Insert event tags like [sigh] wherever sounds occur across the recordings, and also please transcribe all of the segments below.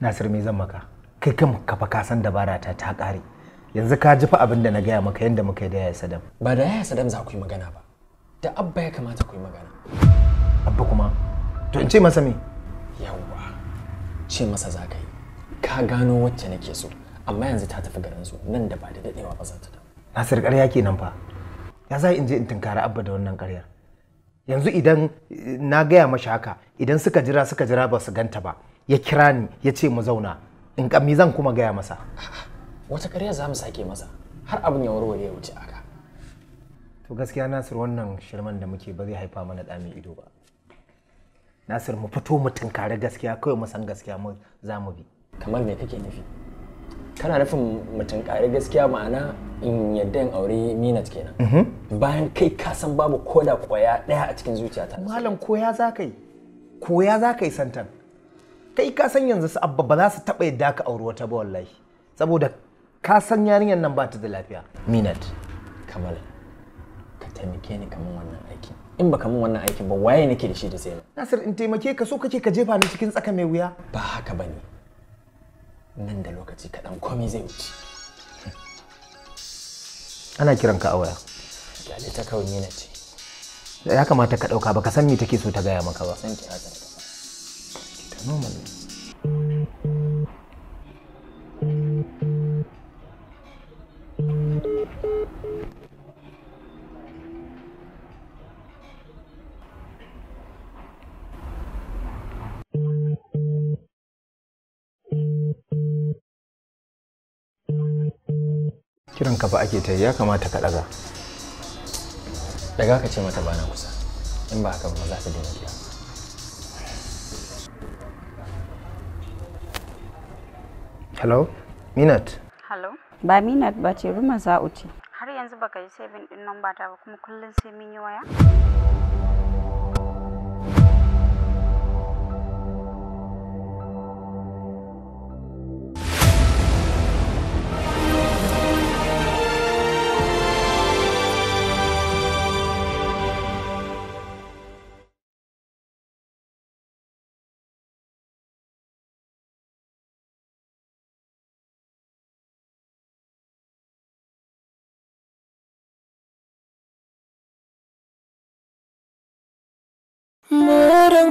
nasir me zan maka kai kan ka fa kasan dabara ta ta kare yanzu ka ji fa abin da na gaya maka yadda muka da yaya sadam ba da yaya sadam za ku yi magana ba da abba ya kamata ku yi magana abba kuma to in ce masa me yawa ce masa za ka yi ka gano wacce nake so amma yanzu ta tafi garin su nan da ba da dadewa ba za ta da nasir ƙarya kenan fa ya za in je in tunkara abba da wannan ƙarya? yanzu idan eh, na gaya mashi haka idan suka jira suka jira ba su ganta ba ya kira ni ya ce mu zauna in kammi zan kuma gaya masa wata ƙarya za mu sake masa har abin ya warware ya wuce aka to gaskiya nasir wannan shirman da muke ba zai haifa mana da ido ba nasir mu fito mu tunkari gaskiya kawai mu san gaskiya mu za mu bi kamar me kake nufi kana nufin mu tunkari gaskiya ma'ana in yadda in aure minat kenan mhm. bayan kai ka san babu koda koya ɗaya a cikin zuciyata malam koya za ka yi koya za ka yi santan kai ka san yanzu su abba ba za su taɓa yadda ka auri wata ba wallahi saboda ka san yarinyar nan ba ta da lafiya minat kamal ka taimake ni kamar wannan aikin in ba kamar wannan aikin ba waye nake da shi da sai nasir in taimake ka so kake ka jefa ni cikin tsaka mai wuya ba haka bane nan da lokaci kaɗan komai zai wuce [laughs] ana kiran ka a waya ta kawai ni ce ya kamata ka ɗauka ba ka san me take so ta gaya maka ba san ki haka normally. kiran ka fa ake ta ya kamata ka daga daga ka ce mata bana kusa in ba haka ba za ta daina kira Hello? Minat? Hello? Ba Minat ba ce, Ruma Za'u ce. Har yanzu baka yi saving din number ta ba kuma kullum sai mun yi waya?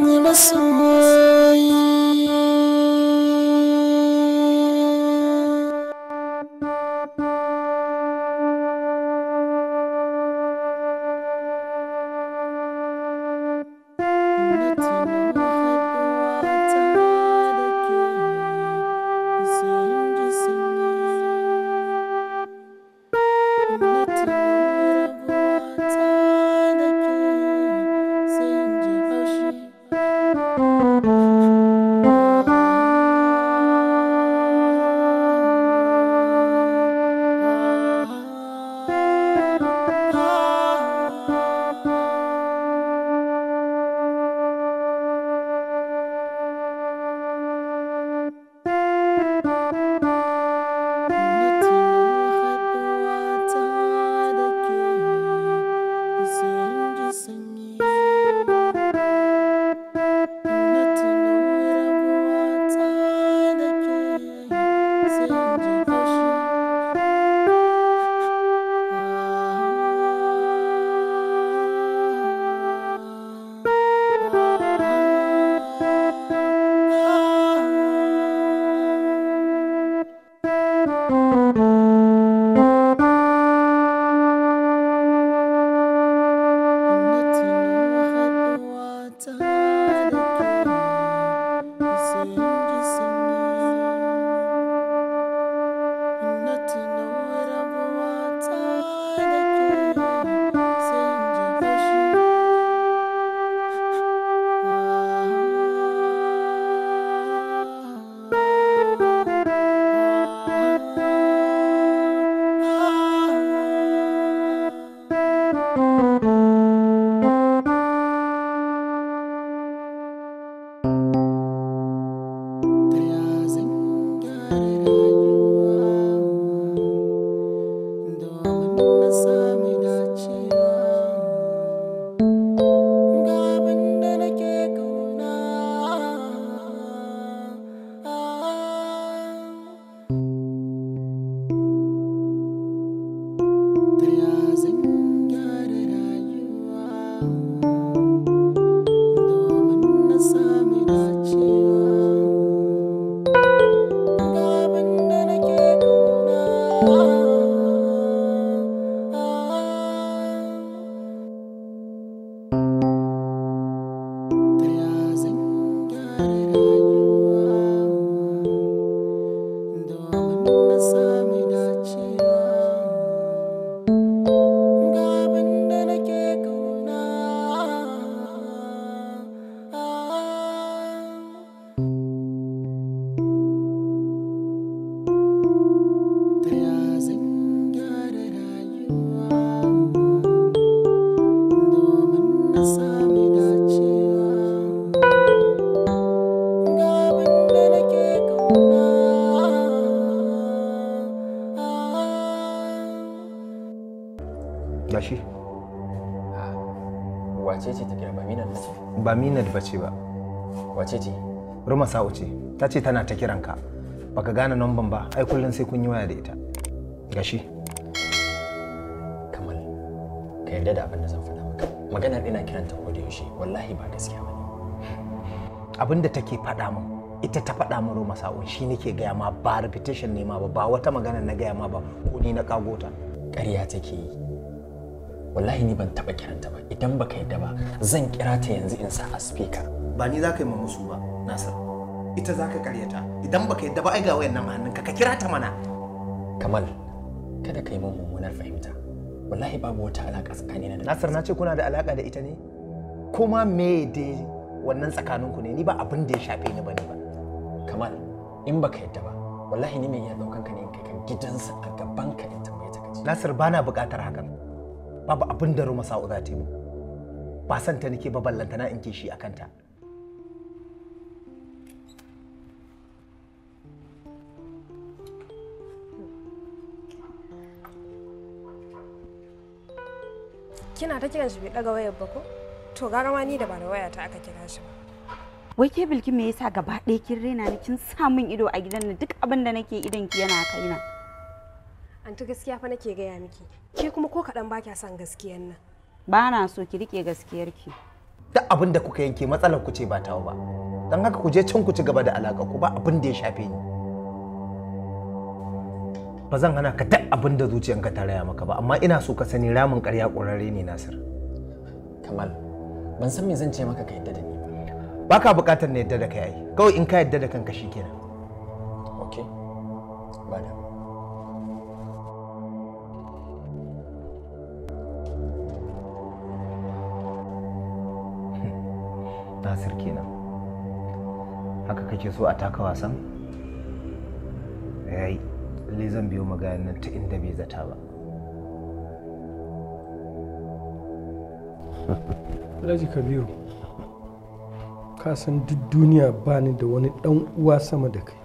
ni masoyi Thank you. ba minad ba ce ba wace ce ruma sa'u ce ta ce tana ta kiran ka baka gane namban ba ai kullum sai kun yi waya da ita gashi kamal ka yarda da abin da zan faɗa maka maganar ina kiranta ko da yaushe wallahi ba gaskiya ba abin da take faɗa min ita ta faɗa min Roma sa'u shi nake gaya ma ba repetition ne ma ba ba wata magana na gaya ma ba ko ni na kagota ƙarya take yi wallahi ni ban taba kiranta ba idan baka yadda ba zan kira ta yanzu in sa a speaker ba ni za ka yi musu ba nasir ita za ka karyata idan baka yadda ba ai ga wayannan hannun ka, ka kira ta mana kamal kada ka yi min mummunar fahimta wallahi babu wata alaka tsakanina da nasir na ce kuna da alaka da ita ne kuma me dai wannan tsakaninku ne ni ba abin da ya shafe ni bane ba kamal in baka yadda ba wallahi ni mai iya daukan ka ne in kai ka gidansa a gaban ka in tambaye ta kace nasir bana buƙatar hakan babu abin da Roma Sa'u za ta yi mu ba san ta nake ba na inke shi a kanta kina ta kiran shi bai daga wayar ba ko to gara ma ni da ba da waya ta aka kira shi ba wai ke bilki me yasa gaba ɗaya kin rena ni kin sa min ido a gidan nan duk abin da nake idan ki yana kaina Anti gaskiya fa nake gaya miki. Ke kuma ko kaɗan ba kya son gaskiyar nan. Ba na so ki riƙe gaskiyarki. Duk abin da kuka yanke matsalar ku ce ba tawa ba. Don haka ku je can ku ci gaba da alaƙa ku ba abin da ya shafe ni. Ba zan hana ka duk abin da zuciyanka ta raya maka ba amma ina so ka sani ramin ƙarya ƙurare ne Nasir. Kamal, ban san me zan ce maka ka yadda da ni ba. ka buƙatar na yadda da kai ai. Kawai in ka yadda da kanka shikenan. Okay. Ba nasir kenan haka kake so a taka wasan yayi eh, le zan biyo maganin ta inda bai zata ba [laughs] Alhaji Kabiru, ka san duk duniya ba ni da wani dan uwa sama da kai.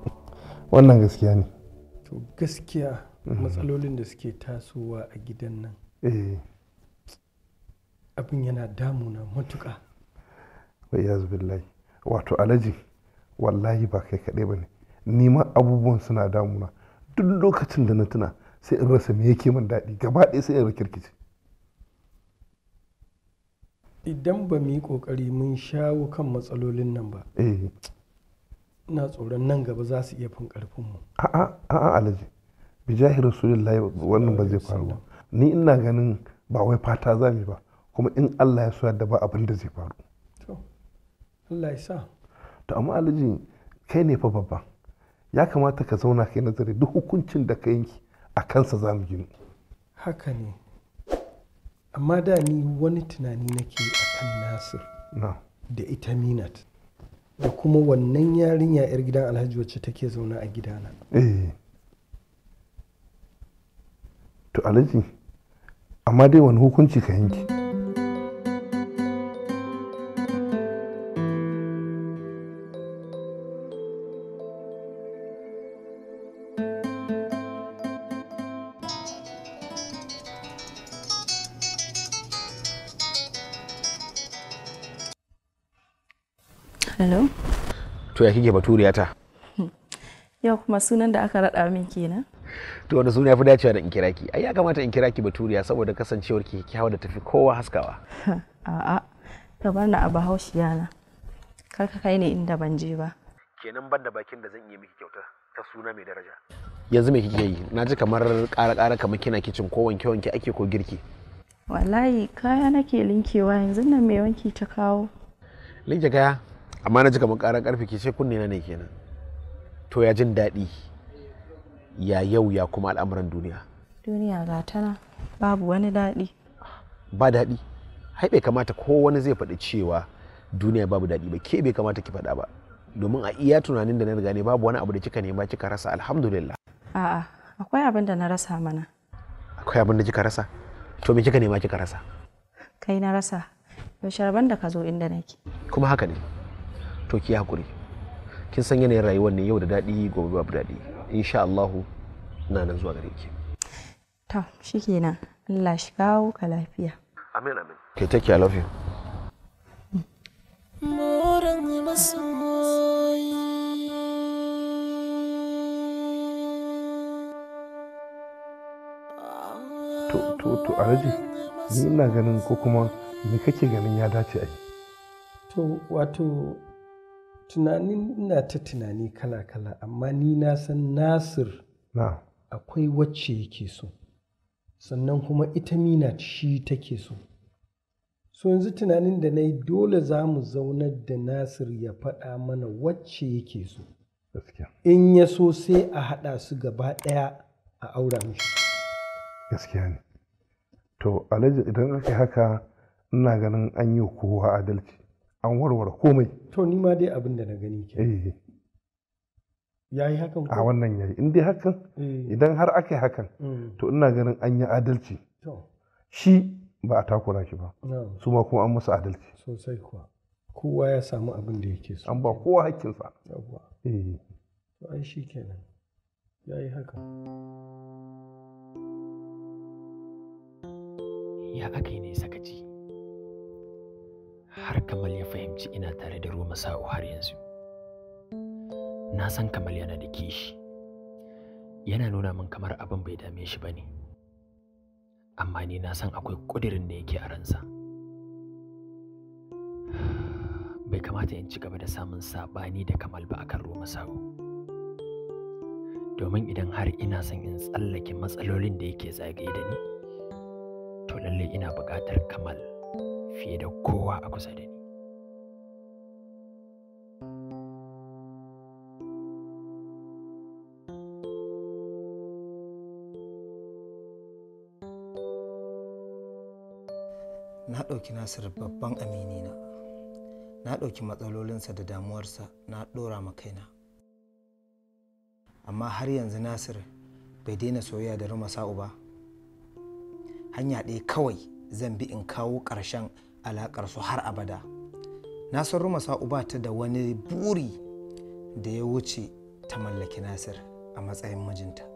[laughs] Wannan gaskiya ne. To gaskiya matsalolin da suke tasowa a gidan nan. Eh. Abin yana damuna matuƙa. iyaz billahi wato alaji wallahi ba kai kaɗai ba ne neman abubuwan suna damuna duk lokacin da na tuna sai in rasa me yake min daɗi gaba ɗaya sai in rikirkice idan ba mu yi ƙoƙari mun shawo kan matsalolin nan ba eh. ina tsoron nan gaba za su iya fin ƙarfinmu a'a a'a alaji bi jahi rasulullahi wannan ba zai faru ni ina ganin ba wai fata za mu ba kuma in allah ya so da ba abin da zai faru Allah ya to amma alaji kai ne fa babba ya kamata ka zauna kai nazari duk hukuncin da ka yanki a kansa za mu gini. haka ne amma da ni wani tunani nake a kan nasir da ita minat da kuma wannan yarinya 'yar gidan alhaji wacce take zauna a gidana eh. to alhaji amma dai wani hukunci ka yanki ya kike baturiya ta yau kuma sunan da aka rada min kenan to wani suna fi dacewa da in kira ai ya kamata in kira ki baturiya saboda kasancewar ki kyawu da tafi kowa haskawa a'a ka bar na abu haushi na kar ka kai ne inda ban je ba kenan ban da bakin da zan iya miki kyauta ta suna mai daraja yanzu me kike yi na ji kamar ƙara ƙara kamar kina kicin ko wanke wanke ake ko girki wallahi kaya nake linkewa yanzu nan mai wanki ta kawo linke kaya amma na ji kamar karan karfe ke ce kunne na ne kenan to ya jin daɗi ya yau ya kuma al'amuran duniya duniya ga tana babu wani daɗi ba daɗi hai bai kamata ko wani zai faɗi cewa duniya babu daɗi ba ke bai kamata ki faɗa ba domin a iya tunanin da na riga ne babu wani abu da kika nema kika rasa alhamdulillah a'a akwai abin da na rasa mana akwai abin da kika rasa to me kika nema kika rasa kai na rasa yaushe rabon da ka zo inda nake kuma haka ne toki hakuri kin san yanayin rayuwar ne yau da daɗi gobe babu daɗi insha Allahu na nan zuwa gare ki to shikenan Allah shi kawo ka lafiya amin amin ke take i love you Moran masoyi to to to alhaji ni ina ganin ko kuma me kake ganin ya dace a yi to wato tunanin ina ta tunani kala-kala amma ni na san nasir akwai wacce yake so sannan kuma ita mina shi take so so yanzu tunanin da na yi dole za mu zaunar da nasir ya faɗa mana wacce yake so in ya so sai a haɗa su gaba ɗaya a aura mishi gaskiya ne to alhaji idan ake haka ina ganin an yi kowa adalci an warware komai to ni ma dai abin da na gani ke eh, eh. ya yi hakan a wannan yayi in dai hakan eh. idan har aka yi hakan mm. to ina ganin an yi adalci shi ba a takura shi ba su ma kuma an masa adalci sosai kuwa kowa ya samu abin da yake so an ba kowa hakkinsa yawwa eh to ai shi kenan yayi haka ya aka yi ne sakaci har Kamal ya fahimci ina tare da ruwa Sa'u har yanzu. Na san Kamal yana da kishi. Yana nuna min kamar abin bai dame shi bane. Amma ni na san akwai ƙudirin da yake a ransa. Bai kamata in ci gaba da samun saɓani da Kamal ba akan ruwa Sa'u. Domin idan har ina son in tsallake matsalolin da yake zagaye da ni, to lallai ina buƙatar Kamal fiye da kowa a kusa da ni na ɗauki nasir babban aminina na ɗauki matsalolinsa da damuwarsa na ɗora ma kaina amma har yanzu nasir bai daina soyayya da ruma sa'u ba hanya ɗaya kawai zan bi in kawo ƙarshen alaƙar su har abada na san rumasa ta da wani buri da ya wuce ta mallaki nasir a matsayin mijinta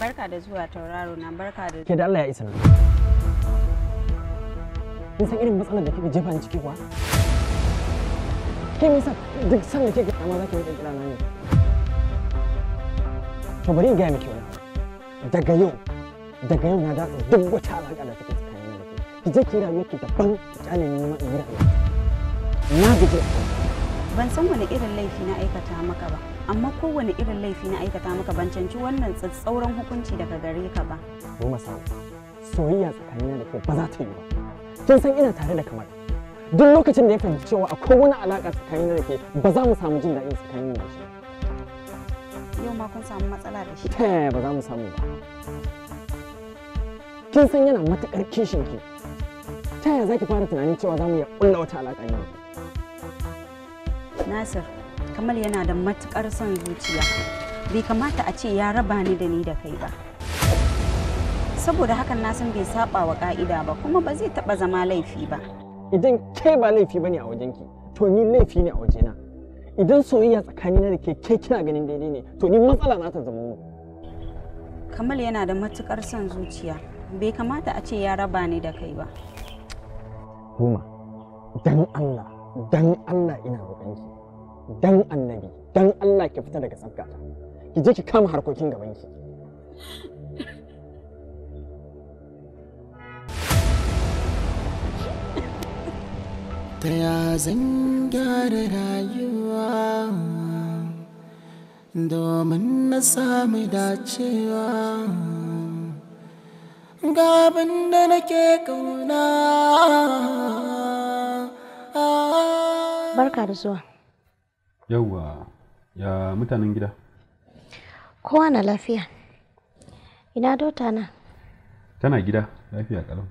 Barka da zuwa tauraro na barka da. Ke da Allah ya isa nan. Kin san irin matsalar da kike jefa ni ciki kuwa? Ke me yasa duk san da kike amma za ki rika kira na ne? To bari in gaya miki wani. Daga yau daga yau na da duk wata alaƙa da take tsakanin da ke. Ki je ki rayuwa ki daban kyalin ni ma in yi rayuwa. Na gaje Ban san wani irin laifi na aikata maka ba. amma kowane irin laifi na aikata maka bancanci wannan tsatsauran hukunci daga gare ka ba. Mu samu soyayya tsakanina da kai ba za ta yi ba. Kin san ina tare da kamar. Duk lokacin da ya fahimci cewa akwai wani alaƙa tsakanina da ke ba za mu samu jin daɗin tsakanin da shi. Yau ma kun samu matsala da shi. Ta yaya ba za mu samu ba. Kin san yana matuƙar kishin ki. Ta yaya za ki fara tunanin cewa za mu iya ƙulla wata alaƙa ne? Nasir, kamal yana da matukar son zuciya bai kamata a ce ya raba ni da ni da kai ba saboda hakan na san bai saba wa ka'ida ba kuma ba zai taba zama laifi ba idan ke ba laifi bane a wajenki to ni laifi ne a wajena idan soyayya na da ke ke kina ganin daidai ne to ni matsala na ta zama mu kamal yana da matukar son zuciya bai kamata a ce ya raba ni da kai ba kuma dan Allah, dan Allah ina roƙonki. dan annabi dan Allah ki fita daga sabgata ki je ki kama harkokin gaban ki ta ya zan gyara rayuwa domin na samu dacewa ga da nake kauna barka da zuwa Yauwa, ya mutanen gida? Kowa na lafiya. Ina dota na? Tana gida, lafiya kalau.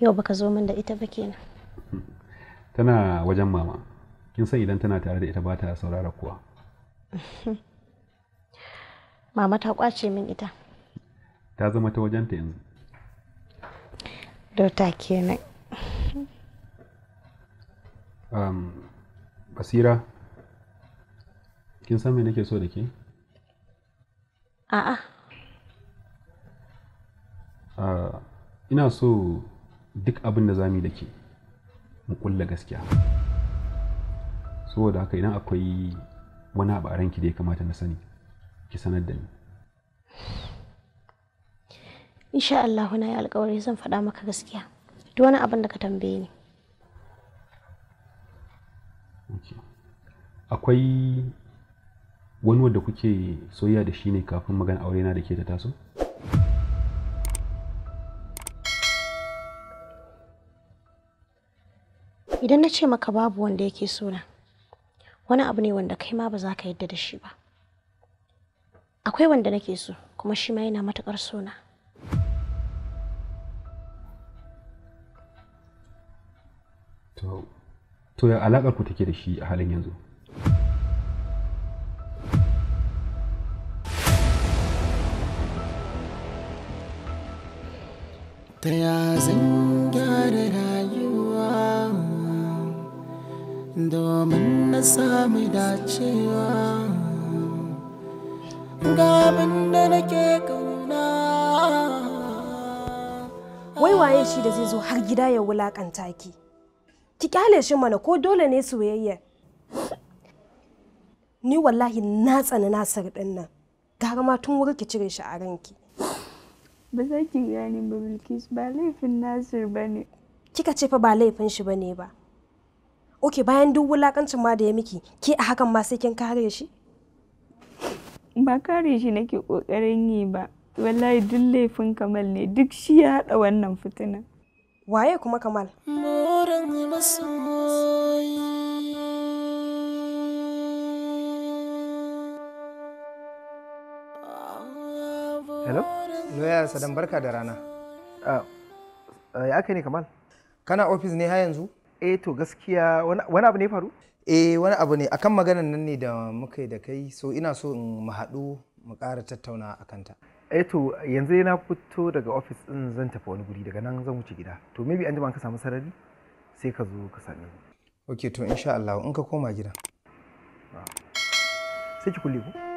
Yau baka zo min da ita ba kenan. [laughs] Tana wajen mama. Kin san idan tana tare da ita ba ta saurara kuwa. [laughs] mama ta kwace min ita. Ta zama ta wajenta yanzu. Dota kenan. um, basira kin san me nake so da ke? A'a. Ah, ina so duk abin da zamu da ke mu kulla gaskiya. Saboda haka idan akwai wani abu a ranki da ya kamata na sani, ki sanar da ni. Insha Allah na yi alkawari zan faɗa maka gaskiya. Duk wani abin da ka tambaye ni. Akwai wani wanda kuke soya da shi ne kafin magana aure na da ke ta taso idan na ce maka babu wanda yake suna, wani abu ne wanda kai ma ba za ka yadda da shi ba akwai wanda nake so kuma shi ma yana matuƙar sona to ya alaƙar ku take da shi a halin yanzu ta zan gyara rayuwa domin na sami dacewa ga da nake kauna wai waye shi da zai zo har gida ya wulakanta ki ki kyale shi mana ko dole ne soyayya ni wallahi na tsani na din nan gara ma tun wuri ki cire shi a ranki ba za ki gane ba bilkis ba laifin nasir ba ne kika ce fa ba laifin shi ba ne ba Oke bayan duk wulakancin ma da ya miki ke a hakan ma sai kin kare shi ba kare shi nake kokarin yi ba wallahi duk laifin kamal ne duk shi ya haɗa wannan fitina waye kuma kamal Loya Sadan barka da rana. Ah, ah, ya aka ne Kamal? Kana ofis ne ha yanzu? Eh to gaskiya wani abu ne faru? Eh wani abu ne akan maganan nan ne da muka da kai so ina so in mu haɗu mu ƙara tattauna a kanta. Eh to yanzu na fito daga ofis ɗin zan tafi wani guri daga nan zan wuce gida. To maybe an ka samu sarari sai ka zo ka same ni. Ok to insha Allah in ka koma gida. Ah. Sai ki kulle ku.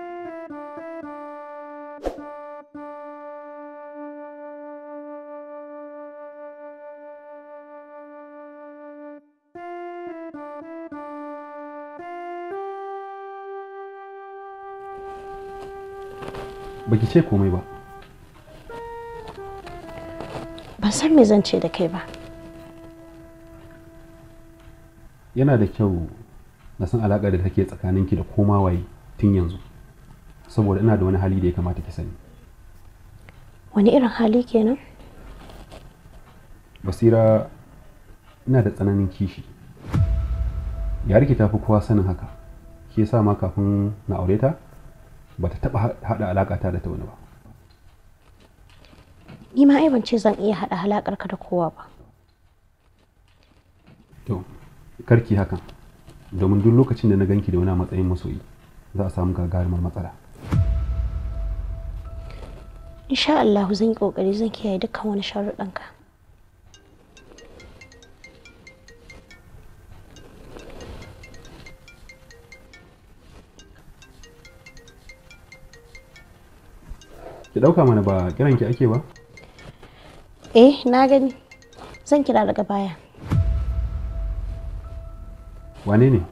baki ce komai ba ban san me zan ce da kai ba yana da kyau na san alaƙar da take tsakaninki da koma waye tun yanzu saboda ina da wani hali da ya kamata ki sani wani irin hali kenan basira ina da tsananin kishi Ya rike tafi kowa sanin haka ke sa ma kafin na aure ta ba ta taɓa haɗa alaƙa ta da ta wani ba ni ma ai ban ce zan iya haɗa halakar ka da kowa ba to karki hakan domin duk lokacin da na ganki da wani matsayin masoyi za a samu gagarumar matsala insha Allah zan yi ƙoƙari zan kiyaye dukkan wani sharuɗanka ki dauka mana ba kiran ki ake ba eh na gani zan kira daga baya wane ne